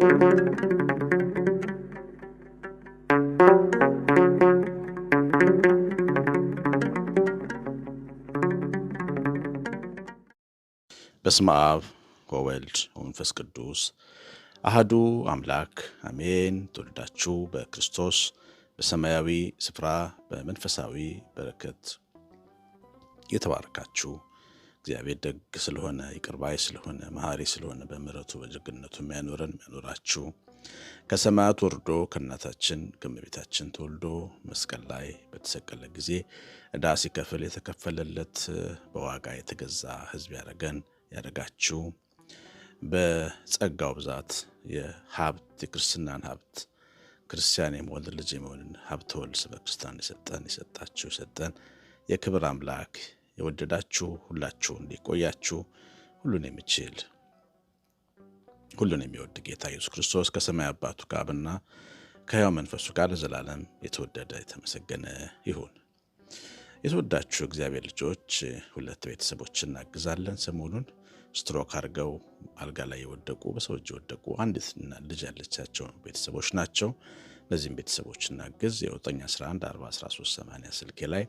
በስመ አብ ወወልድ ወመንፈስ ቅዱስ አህዱ አምላክ አሜን። ተወልዳችሁ በክርስቶስ በሰማያዊ ስፍራ በመንፈሳዊ በረከት የተባረካችሁ እግዚአብሔር ደግ ስለሆነ ይቅርባይ ስለሆነ መሐሪ ስለሆነ በምሕረቱ በጀግነቱ የሚያኖረን የሚያኖራችሁ ከሰማያት ወርዶ ከእናታችን ከእመቤታችን ተወልዶ መስቀል ላይ በተሰቀለ ጊዜ ዕዳ ሲከፍል የተከፈለለት በዋጋ የተገዛ ሕዝብ ያደረገን ያደረጋችሁ በጸጋው ብዛት የሀብት የክርስትናን ሀብት ክርስቲያን የመወልድ ልጅ የመሆንን ሀብተ ወልድ ስበ ክርስቲያን የሰጠን የሰጣችሁ የሰጠን የክብር አምላክ የወደዳችሁ ሁላችሁ እንዲቆያችሁ ሁሉን የሚችል ሁሉን የሚወድ ጌታ ኢየሱስ ክርስቶስ ከሰማይ አባቱ ከአብና ከሕያው መንፈሱ ጋር ለዘላለም የተወደደ የተመሰገነ ይሁን። የተወዳችሁ እግዚአብሔር ልጆች ሁለት ቤተሰቦች እናግዛለን። ሰሞኑን ስትሮክ አድርገው አልጋ ላይ የወደቁ በሰዎች የወደቁ አንዲት ልጅ ያለቻቸው ቤተሰቦች ናቸው። እነዚህም ቤተሰቦች እናግዝ። 9 11 4 13 80 ስልኬ ላይ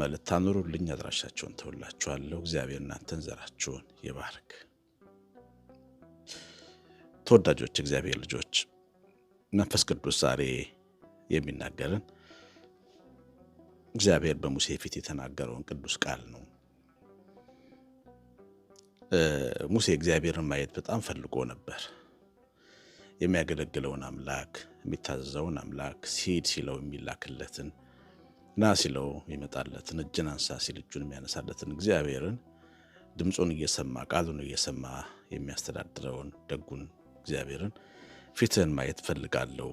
መልታኑሩልኝ አድራሻቸውን ተውላችኋለሁ። እግዚአብሔር እናንተን ዘራችሁን ይባርክ። ተወዳጆች እግዚአብሔር ልጆች መንፈስ ቅዱስ ዛሬ የሚናገርን እግዚአብሔር በሙሴ ፊት የተናገረውን ቅዱስ ቃል ነው። ሙሴ እግዚአብሔርን ማየት በጣም ፈልጎ ነበር። የሚያገለግለውን አምላክ፣ የሚታዘዘውን አምላክ፣ ሲሄድ ሲለው የሚላክለትን ና ሲለው ይመጣለትን እጅን አንሳ ሲል እጁን የሚያነሳለትን እግዚአብሔርን ድምፁን እየሰማ ቃሉን እየሰማ የሚያስተዳድረውን ደጉን እግዚአብሔርን ፊትህን ማየት ፈልጋለሁ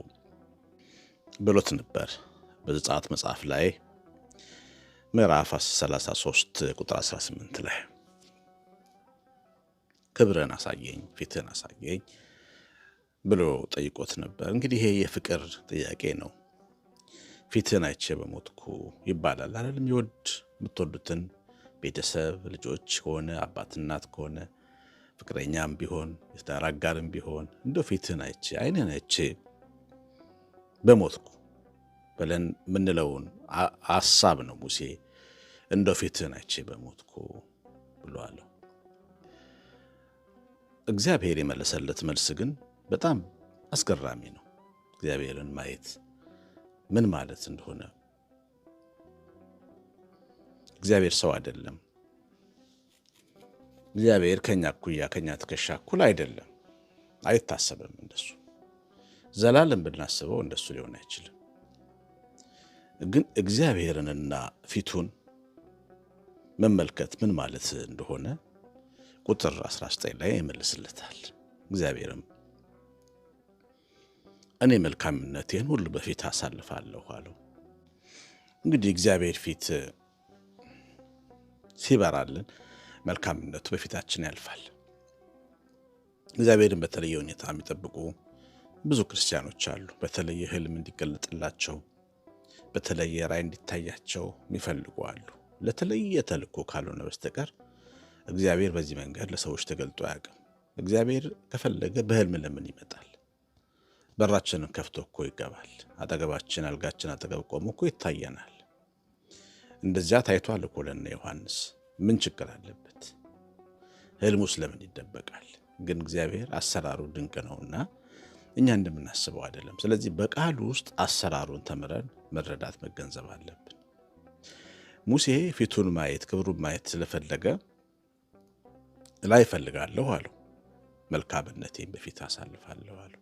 ብሎት ነበር። በዘጸአት መጽሐፍ ላይ ምዕራፍ 33 ቁጥር 18 ላይ ክብርን አሳየኝ ፊትህን አሳየኝ ብሎ ጠይቆት ነበር። እንግዲህ ይሄ የፍቅር ጥያቄ ነው። ፊትህን አይቼ በሞትኩ ይባላል አይደለም? የወድ የምትወዱትን ቤተሰብ ልጆች ከሆነ አባት እናት ከሆነ ፍቅረኛም ቢሆን የትዳር አጋርም ቢሆን እንደ ፊትህን አይቼ አይንህን አይቼ በሞትኩ ብለን የምንለውን ሀሳብ ነው ሙሴ እንደ ፊትህን አይቼ በሞትኩ ብለዋለሁ። እግዚአብሔር የመለሰለት መልስ ግን በጣም አስገራሚ ነው። እግዚአብሔርን ማየት ምን ማለት እንደሆነ እግዚአብሔር ሰው አይደለም። እግዚአብሔር ከኛ እኩያ ከኛ ትከሻ እኩል አይደለም፣ አይታሰብም። እንደሱ ዘላለም ብናስበው እንደሱ ሊሆን አይችልም። ግን እግዚአብሔርንና ፊቱን መመልከት ምን ማለት እንደሆነ ቁጥር 19 ላይ ይመልስለታል። እግዚአብሔርም እኔ መልካምነቴን ሁሉ በፊት አሳልፋለሁ አለው። እንግዲህ እግዚአብሔር ፊት ሲበራልን መልካምነቱ በፊታችን ያልፋል። እግዚአብሔርን በተለየ ሁኔታ የሚጠብቁ ብዙ ክርስቲያኖች አሉ። በተለየ ህልም እንዲገለጥላቸው፣ በተለየ ራይ እንዲታያቸው የሚፈልጉ አሉ። ለተለየ ተልእኮ ካልሆነ በስተቀር እግዚአብሔር በዚህ መንገድ ለሰዎች ተገልጦ አያውቅም። እግዚአብሔር ከፈለገ በህልም ለምን ይመጣል? በራችንን ከፍቶ እኮ ይገባል። አጠገባችን አልጋችን አጠገብ ቆሞ እኮ ይታየናል። እንደዚያ ታይቷል እኮ ለነ ዮሐንስ። ምን ችግር አለበት? ህልሙስ ለምን ይደበቃል? ግን እግዚአብሔር አሰራሩ ድንቅ ነውና እኛ እንደምናስበው አይደለም። ስለዚህ በቃሉ ውስጥ አሰራሩን ተምረን መረዳት መገንዘብ አለብን። ሙሴ ፊቱን ማየት ክብሩን ማየት ስለፈለገ ላይ እፈልጋለሁ አለው። መልካምነቴን በፊት አሳልፋለሁ አለው።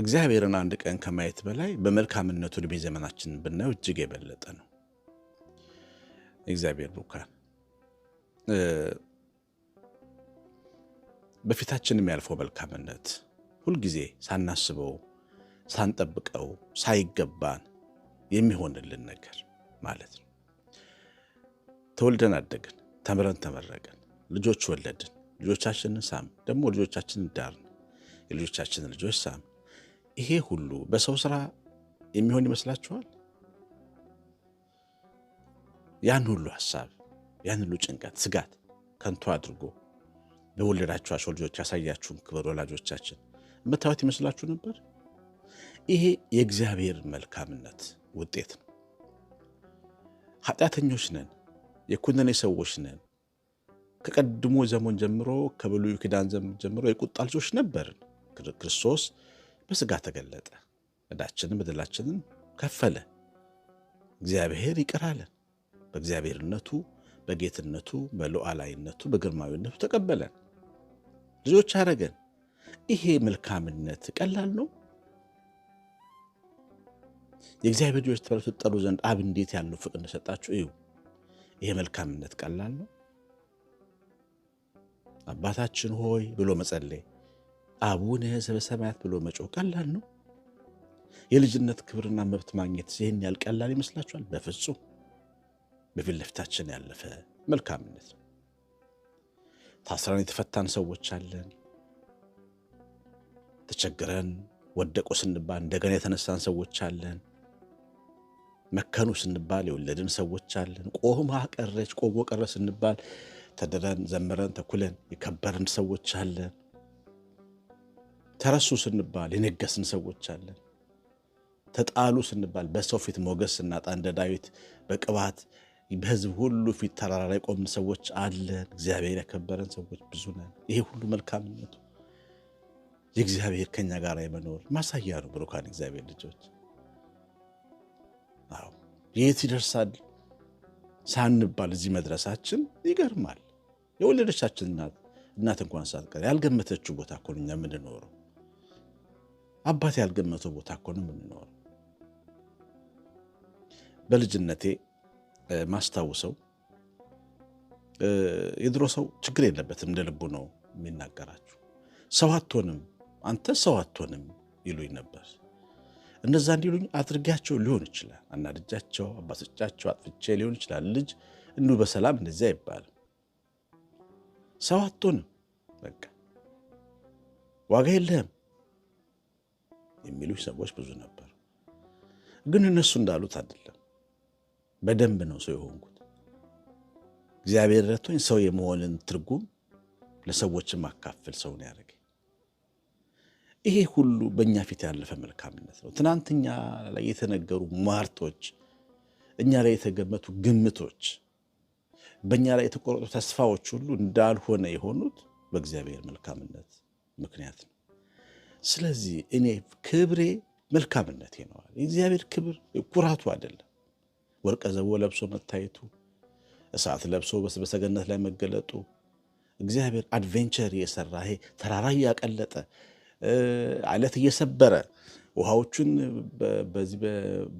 እግዚአብሔርን አንድ ቀን ከማየት በላይ በመልካምነቱ እድሜ ዘመናችንን ብናየው እጅግ የበለጠ ነው። እግዚአብሔር ቡካን በፊታችን የሚያልፈው መልካምነት ሁልጊዜ ሳናስበው ሳንጠብቀው ሳይገባን የሚሆንልን ነገር ማለት ነው። ተወልደን አደግን፣ ተምረን ተመረቅን፣ ልጆች ወለድን፣ ልጆቻችንን ሳም ደግሞ ልጆቻችንን ዳርን፣ የልጆቻችንን ልጆች ሳም ይሄ ሁሉ በሰው ስራ የሚሆን ይመስላችኋል? ያን ሁሉ ሀሳብ፣ ያን ሁሉ ጭንቀት፣ ስጋት ከንቱ አድርጎ በወለዳችኋቸው ልጆች ያሳያችሁን ክብር ወላጆቻችን የምታዩት ይመስላችሁ ነበር? ይሄ የእግዚአብሔር መልካምነት ውጤት ነው። ኃጢአተኞች ነን፣ የኩነኔ ሰዎች ነን። ከቀድሞ ዘመን ጀምሮ ከብሉይ ኪዳን ዘመን ጀምሮ የቁጣ ልጆች ነበርን። ክርስቶስ በስጋ ተገለጠ፣ እዳችንን በደላችንን ከፈለ። እግዚአብሔር ይቅር አለን። በእግዚአብሔርነቱ በጌትነቱ በሉዓላይነቱ በግርማዊነቱ ተቀበለን፣ ልጆች አረገን። ይሄ መልካምነት ቀላል ነው። የእግዚአብሔር ልጆች ተብለው ትጠሩ ዘንድ አብ እንዴት ያለው ፍቅር እንደሰጣችሁ እዩ። ይሄ መልካምነት ቀላል ነው። አባታችን ሆይ ብሎ መጸለይ አቡነ ዘበሰማያት ብሎ መጮህ ቀላል ነው? የልጅነት ክብርና መብት ማግኘት ይህን ያህል ቀላል ይመስላችኋል? በፍጹም በፊት ለፊታችን ያለፈ መልካምነት ነው። ታስረን የተፈታን ሰዎች አለን። ተቸግረን ወደቁ ስንባል እንደገና የተነሳን ሰዎች አለን። መከኑ ስንባል የወለድን ሰዎች አለን። ቆም ቀረች፣ ቆቦ ቀረ ስንባል ተድረን ዘምረን ተኩለን የከበርን ሰዎች አለን። ተረሱ ስንባል የነገስን ሰዎች አለን። ተጣሉ ስንባል በሰው ፊት ሞገስ ስናጣ እንደ ዳዊት በቅባት በህዝብ ሁሉ ፊት ተራራ ላይ ቆምን ሰዎች አለን። እግዚአብሔር ያከበረን ሰዎች ብዙ ነን። ይሄ ሁሉ መልካምነቱ የእግዚአብሔር ከኛ ጋር የመኖር ማሳያ ነው። ብሩካን እግዚአብሔር ልጆች የት ይደርሳል ሳንባል እዚህ መድረሳችን ይገርማል። የወለደቻችን እናት እንኳን ሳትቀር ያልገመተችው ቦታ እኮ ነው እኛ የምንኖረው። አባቴ ያልገመተው ቦታ እኮ ነው የምንኖረው። በልጅነቴ ማስታውሰው የድሮ ሰው ችግር የለበትም እንደ ልቡ ነው የሚናገራችሁ። ሰው አትሆንም አንተ ሰው አትሆንም ይሉኝ ነበር። እነዛ እንዲሉኝ አድርጊያቸው ሊሆን ይችላል፣ አናድጃቸው፣ አባስጫቸው፣ አጥፍቼ ሊሆን ይችላል። ልጅ እንዲሁ በሰላም እንደዚያ አይባልም። ሰው አትሆንም፣ በቃ ዋጋ የለህም የሚሉ ሰዎች ብዙ ነበር። ግን እነሱ እንዳሉት አይደለም። በደንብ ነው ሰው የሆንኩት። እግዚአብሔር ረቶኝ ሰው የመሆንን ትርጉም ለሰዎች ማካፈል ሰውን ያደረገኝ ይሄ ሁሉ በእኛ ፊት ያለፈ መልካምነት ነው። ትናንት እኛ ላይ የተነገሩ ሟርቶች፣ እኛ ላይ የተገመቱ ግምቶች፣ በእኛ ላይ የተቆረጡ ተስፋዎች ሁሉ እንዳልሆነ የሆኑት በእግዚአብሔር መልካምነት ምክንያት ነው። ስለዚህ እኔ ክብሬ መልካምነቴ ነው። የእግዚአብሔር ክብር ኩራቱ አይደለም። ወርቀ ዘቦ ለብሶ መታየቱ፣ እሳት ለብሶ በሰገነት ላይ መገለጡ፣ እግዚአብሔር አድቬንቸር እየሰራ ይሄ ተራራ እያቀለጠ አለት እየሰበረ ውሃዎቹን በዚህ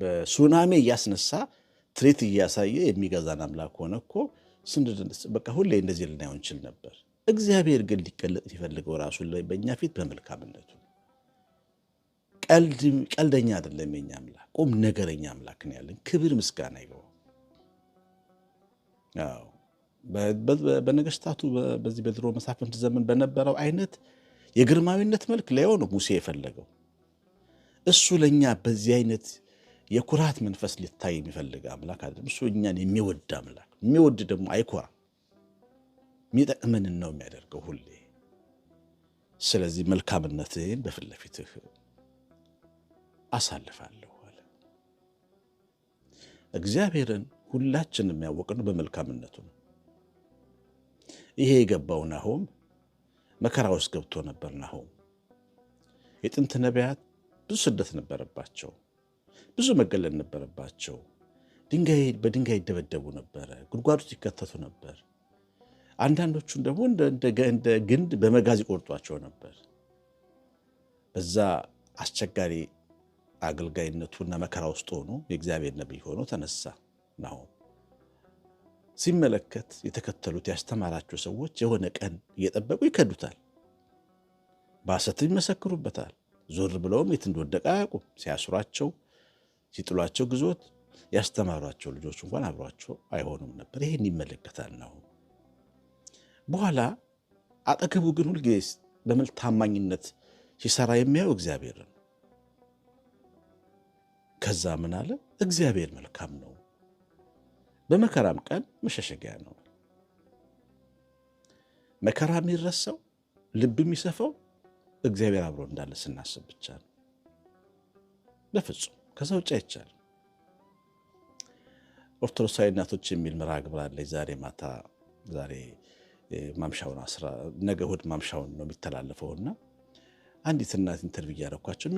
በሱናሜ እያስነሳ ትርኢት እያሳየ የሚገዛን አምላክ ሆነ እኮ በቃ ሁሌ እንደዚህ ልናየው እንችል ነበር። እግዚአብሔር ግን ሊገለጥ ሲፈልገው ራሱን በእኛ ፊት በመልካምነቱ ቀልደኛ አይደለም የኛ አምላክ፣ ቁም ነገረኛ አምላክ ነው ያለን። ክብር ምስጋና ይገባ። በነገስታቱ በዚህ በድሮ መሳፍንት ዘመን በነበረው አይነት የግርማዊነት መልክ ላይሆ ነው ሙሴ የፈለገው። እሱ ለእኛ በዚህ አይነት የኩራት መንፈስ ሊታይ የሚፈልግ አምላክ አይደለም። እሱ እኛን የሚወድ አምላክ፣ የሚወድ ደግሞ አይኮራም። የሚጠቅመንን ነው የሚያደርገው ሁሌ። ስለዚህ መልካምነትህን በፊት ለፊትህ አሳልፋለሁ አለ። እግዚአብሔርን ሁላችንም ያወቅነው በመልካምነቱ ነው። ይሄ የገባው ናሆም መከራ ውስጥ ገብቶ ነበር። ናሆም የጥንት ነቢያት ብዙ ስደት ነበረባቸው፣ ብዙ መገለል ነበረባቸው። ድንጋይ በድንጋይ ይደበደቡ ነበረ፣ ጉድጓዶች ይከተቱ ነበር። አንዳንዶቹን ደግሞ እንደ ግንድ በመጋዝ ይቆርጧቸው ነበር። በዛ አስቸጋሪ አገልጋይነቱና መከራ ውስጥ ሆኖ የእግዚአብሔር ነቢይ ሆኖ ተነሳ። ናሆም ሲመለከት የተከተሉት ያስተማራቸው ሰዎች የሆነ ቀን እየጠበቁ ይከዱታል፣ በሐሰትም ይመሰክሩበታል። ዞር ብለውም የት እንደወደቀ አያውቁም። ሲያስሯቸው፣ ሲጥሏቸው ግዞት ያስተማሯቸው ልጆች እንኳን አብሯቸው አይሆኑም ነበር። ይህን ይመለከታል ናሆም። በኋላ አጠገቡ ግን ሁልጊዜ በምን ታማኝነት ሲሰራ የሚያየው እግዚአብሔር ነው። ከዛ ምን አለ? እግዚአብሔር መልካም ነው፣ በመከራም ቀን መሸሸጊያ ነው። መከራ የሚረሳው ልብ የሚሰፋው እግዚአብሔር አብሮ እንዳለ ስናስብ ብቻ ነው። በፍጹም ከዛ ውጭ አይቻልም። ኦርቶዶክሳዊ እናቶች የሚል መርሃ ግብር አለኝ። ዛሬ ማታ ዛሬ ማምሻውን ነገ እሑድ ማምሻውን ነው የሚተላለፈውና አንዲት እናት ኢንተርቪው እያደረኳቸው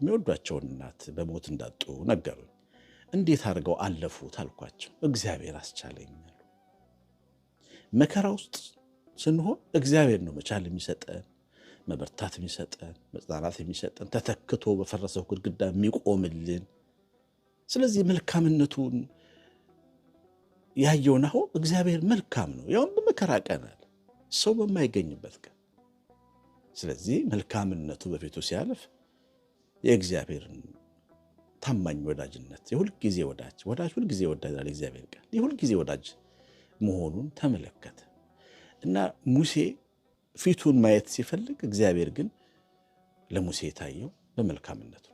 የሚወዷቸውን እናት በሞት እንዳጡ ነገሩኝ። እንዴት አድርገው አለፉት አልኳቸው። እግዚአብሔር አስቻለኝ አሉ። መከራ ውስጥ ስንሆን እግዚአብሔር ነው መቻል የሚሰጠን፣ መበርታት የሚሰጠን፣ መጽናናት የሚሰጠን፣ ተተክቶ በፈረሰው ግድግዳ የሚቆምልን። ስለዚህ መልካምነቱን ያየውን አሁን እግዚአብሔር መልካም ነው፣ ያውም በመከራ ቀናል ሰው በማይገኝበት ቀን ስለዚህ መልካምነቱ በፊቱ ሲያልፍ የእግዚአብሔርን ታማኝ ወዳጅነት የሁልጊዜ ወዳጅ ወዳጅ ሁልጊዜ ወዳጅ ላል እግዚአብሔር ቃል። የሁልጊዜ ወዳጅ መሆኑን ተመለከተ እና ሙሴ ፊቱን ማየት ሲፈልግ እግዚአብሔር ግን ለሙሴ የታየው በመልካምነቱ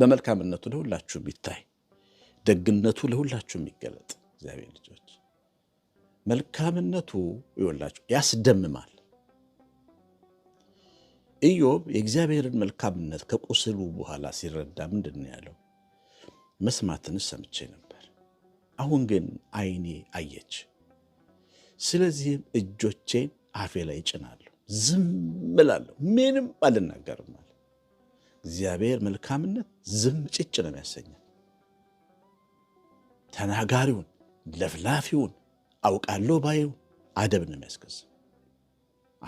በመልካምነቱ ለሁላችሁ ይታይ፣ ደግነቱ ለሁላችሁ የሚገለጥ እግዚአብሔር ልጆች መልካምነቱ ይወላችሁ ያስደምማል። ኢዮብ የእግዚአብሔርን መልካምነት ከቁስሉ በኋላ ሲረዳ ምንድን ነው ያለው? መስማትን ሰምቼ ነበር፣ አሁን ግን ዓይኔ አየች። ስለዚህም እጆቼን አፌ ላይ ጭናለሁ? ዝም እላለሁ፣ ምንም አልናገርም አለ። እግዚአብሔር መልካምነት ዝም ጭጭ ነው የሚያሰኘን። ተናጋሪውን ለፍላፊውን አውቃለሁ ባየው አደብ ነው የሚያስገዛው።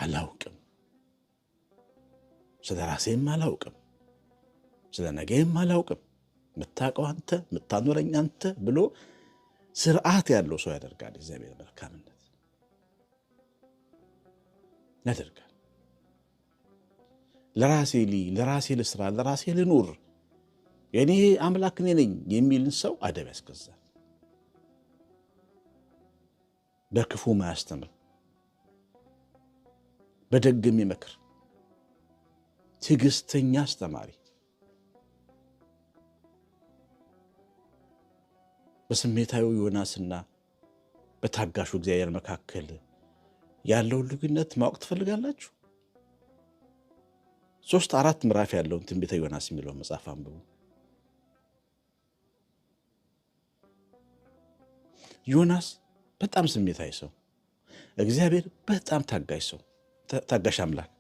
አላውቅም ስለ ራሴም አላውቅም፣ ስለ ነገም አላውቅም፣ የምታውቀው አንተ፣ የምታኖረኝ አንተ ብሎ ስርዓት ያለው ሰው ያደርጋል። እግዚአብሔር መልካምነት ያደርጋል። ለራሴ ሊ ለራሴ ልስራ፣ ለራሴ ልኑር፣ የኔ አምላክ እኔ ነኝ የሚልን ሰው አደብ ያስገዛል። በክፉ ማያስተምር፣ በደግም ይመክር ትዕግስተኛ አስተማሪ በስሜታዊ ዮናስና በታጋሹ እግዚአብሔር መካከል ያለውን ልዩነት ማወቅ ትፈልጋላችሁ? ሶስት አራት ምዕራፍ ያለውን ትንቢተ ዮናስ የሚለውን መጽሐፍ አንብቡ። ዮናስ በጣም ስሜታዊ ሰው፣ እግዚአብሔር በጣም ታጋሽ ሰው ታጋሽ አምላክ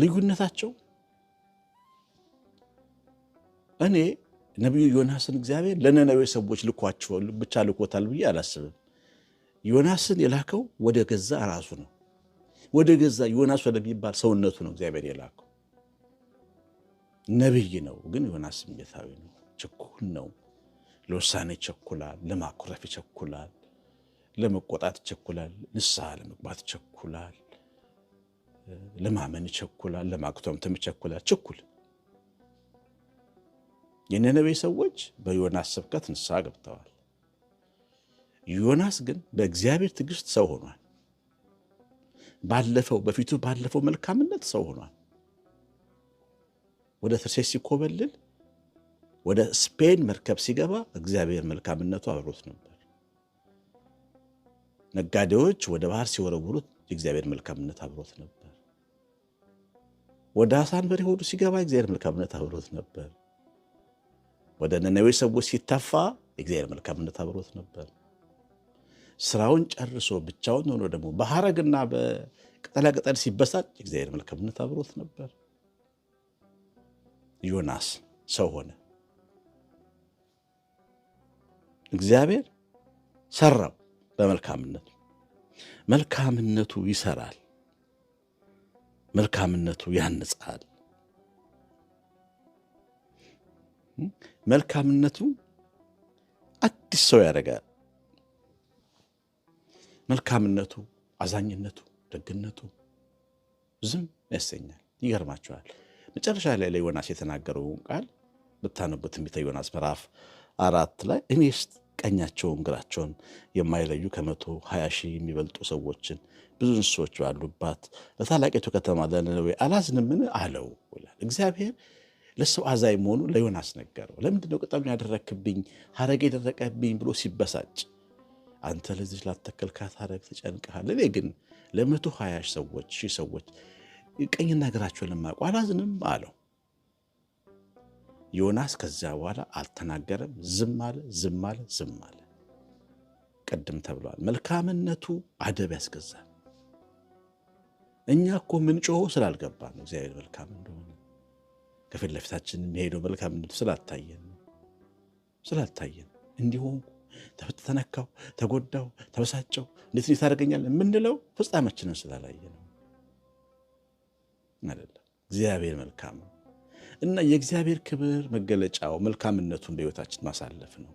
ልዩነታቸው እኔ ነቢዩ ዮናስን እግዚአብሔር ለነነዌ ሰዎች ልኳቸው ብቻ ልኮታል ብዬ አላስብም። ዮናስን የላከው ወደ ገዛ ራሱ ነው፣ ወደ ገዛ ዮናስ ወደሚባል ሰውነቱ ነው እግዚአብሔር የላከው። ነቢይ ነው፣ ግን ዮናስ ስሜታዊ ነው፣ ችኩል ነው። ለውሳኔ ይቸኩላል፣ ለማኩረፍ ይቸኩላል፣ ለመቆጣት ይቸኩላል፣ ንስሐ ለመግባት ይቸኩላል። ለማመን ይቸኩላል፣ ለማክተምተም ይቸኩላል። ችኩል የነነዌ ሰዎች በዮናስ ስብከት ንስሐ ገብተዋል። ዮናስ ግን በእግዚአብሔር ትዕግስት ሰው ሆኗል። ባለፈው በፊቱ ባለፈው መልካምነት ሰው ሆኗል። ወደ ተርሴስ ሲኮበልል፣ ወደ ስፔን መርከብ ሲገባ እግዚአብሔር መልካምነቱ አብሮት ነበር። ነጋዴዎች ወደ ባህር ሲወረውሩት የእግዚአብሔር መልካምነት አብሮት ነበር። ወደ አሳ አንበሪ ሆዱ ሲገባ እግዚአብሔር መልካምነት አብሮት ነበር። ወደ ነነዌ ሰዎች ሲተፋ እግዚአብሔር መልካምነት አብሮት ነበር። ስራውን ጨርሶ ብቻውን ሆኖ ደግሞ በሐረግና በቅጠላቅጠል ሲበሳጭ እግዚአብሔር መልካምነት አብሮት ነበር። ዮናስ ሰው ሆነ። እግዚአብሔር ሰራው በመልካምነቱ። መልካምነቱ ይሰራል። መልካምነቱ ያንጻል። መልካምነቱ አዲስ ሰው ያደርጋል። መልካምነቱ፣ አዛኝነቱ፣ ደግነቱ ዝም ያሰኛል። ይገርማቸዋል። መጨረሻ ላይ ለዮናስ የተናገረውን ቃል ብታነቡት ትንቢተ ዮናስ ምዕራፍ አራት ላይ እኔስ ቀኛቸውን ግራቸውን የማይለዩ ከመቶ ሀያ ሺህ የሚበልጡ ሰዎችን ብዙ እንስሶች ባሉባት ለታላቂቱ ከተማ ለነነዌ አላዝንምን አለው ይላል። እግዚአብሔር ለሰው አዛይ መሆኑ ለዮናስ ነገረው። ለምንድን ነው ቅጠሉን ያደረክብኝ ሀረግ የደረቀብኝ ብሎ ሲበሳጭ፣ አንተ ለዚህ ላተከልካት ሀረግ ተጨንቀሃል፣ እኔ ግን ለመቶ ሀያ ሰዎች ሺህ ሰዎች ቀኝና ግራቸውን ለማውቁ አላዝንም አለው። ዮናስ ከዚያ በኋላ አልተናገረም። ዝም አለ፣ ዝም አለ፣ ዝም አለ። ቅድም ተብለዋል። መልካምነቱ አደብ ያስገዛል። እኛ እኮ ምንጮሆ ስላልገባ ነው እግዚአብሔር መልካም እንደሆነ ከፊት ለፊታችን የሚሄደው መልካምነቱ ስላልታየን ስላልታየን እንዲሁም ተነካው፣ ተጎዳው፣ ተበሳጨው እንዴት እንዴት ታደርገኛለህ የምንለው ፍጻሜያችንን ስላላየ ነው አይደለም። እግዚአብሔር መልካም ነው። እና የእግዚአብሔር ክብር መገለጫው መልካምነቱን በህይወታችን ማሳለፍ ነው።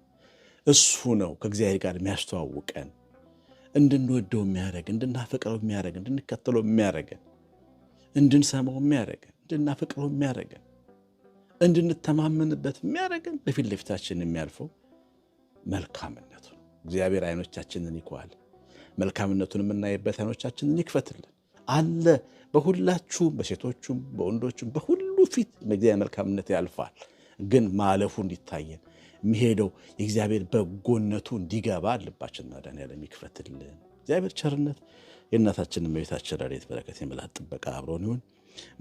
እሱ ነው ከእግዚአብሔር ጋር የሚያስተዋውቀን እንድንወደው የሚያደረግ እንድናፈቅረው የሚያደረግ እንድንከተለው የሚያደረገን እንድንሰማው የሚያደረገን እንድናፈቅረው የሚያደረገን እንድንተማመንበት የሚያደረገን በፊት ለፊታችን የሚያልፈው መልካምነቱ ነው። እግዚአብሔር አይኖቻችንን ይከዋል። መልካምነቱን የምናይበት አይኖቻችንን ይክፈትልን አለ በሁላችሁም በሴቶቹም በወንዶቹም በሁሉ ፊት እግዚአብሔር መልካምነት ያልፋል፣ ግን ማለፉ እንዲታየን የሚሄደው የእግዚአብሔር በጎነቱ እንዲገባ ልባችን ዳንኤል ይክፈትልን። እግዚአብሔር ቸርነት የእናታችን መቤታችን ረድኤት በረከት የመላት ጥበቃ አብሮን ይሁን።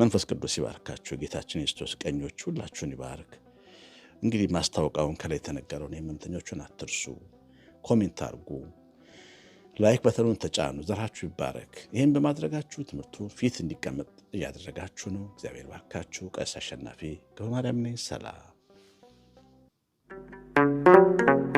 መንፈስ ቅዱስ ይባርካችሁ። ጌታችን የስቶስ ቀኞች ሁላችሁን ይባርክ። እንግዲህ ማስታወቃውን ከላይ የተነገረውን የህመምተኞቹን አትርሱ። ኮሜንት አርጉ። ላይክ በተኑን ተጫኑ። ዘራችሁ ይባረክ። ይህን በማድረጋችሁ ትምህርቱ ፊት እንዲቀመጥ እያደረጋችሁ ነው። እግዚአብሔር ባካችሁ። ቀሲስ አሸናፊ ገብረማርያም ነኝ። ሰላም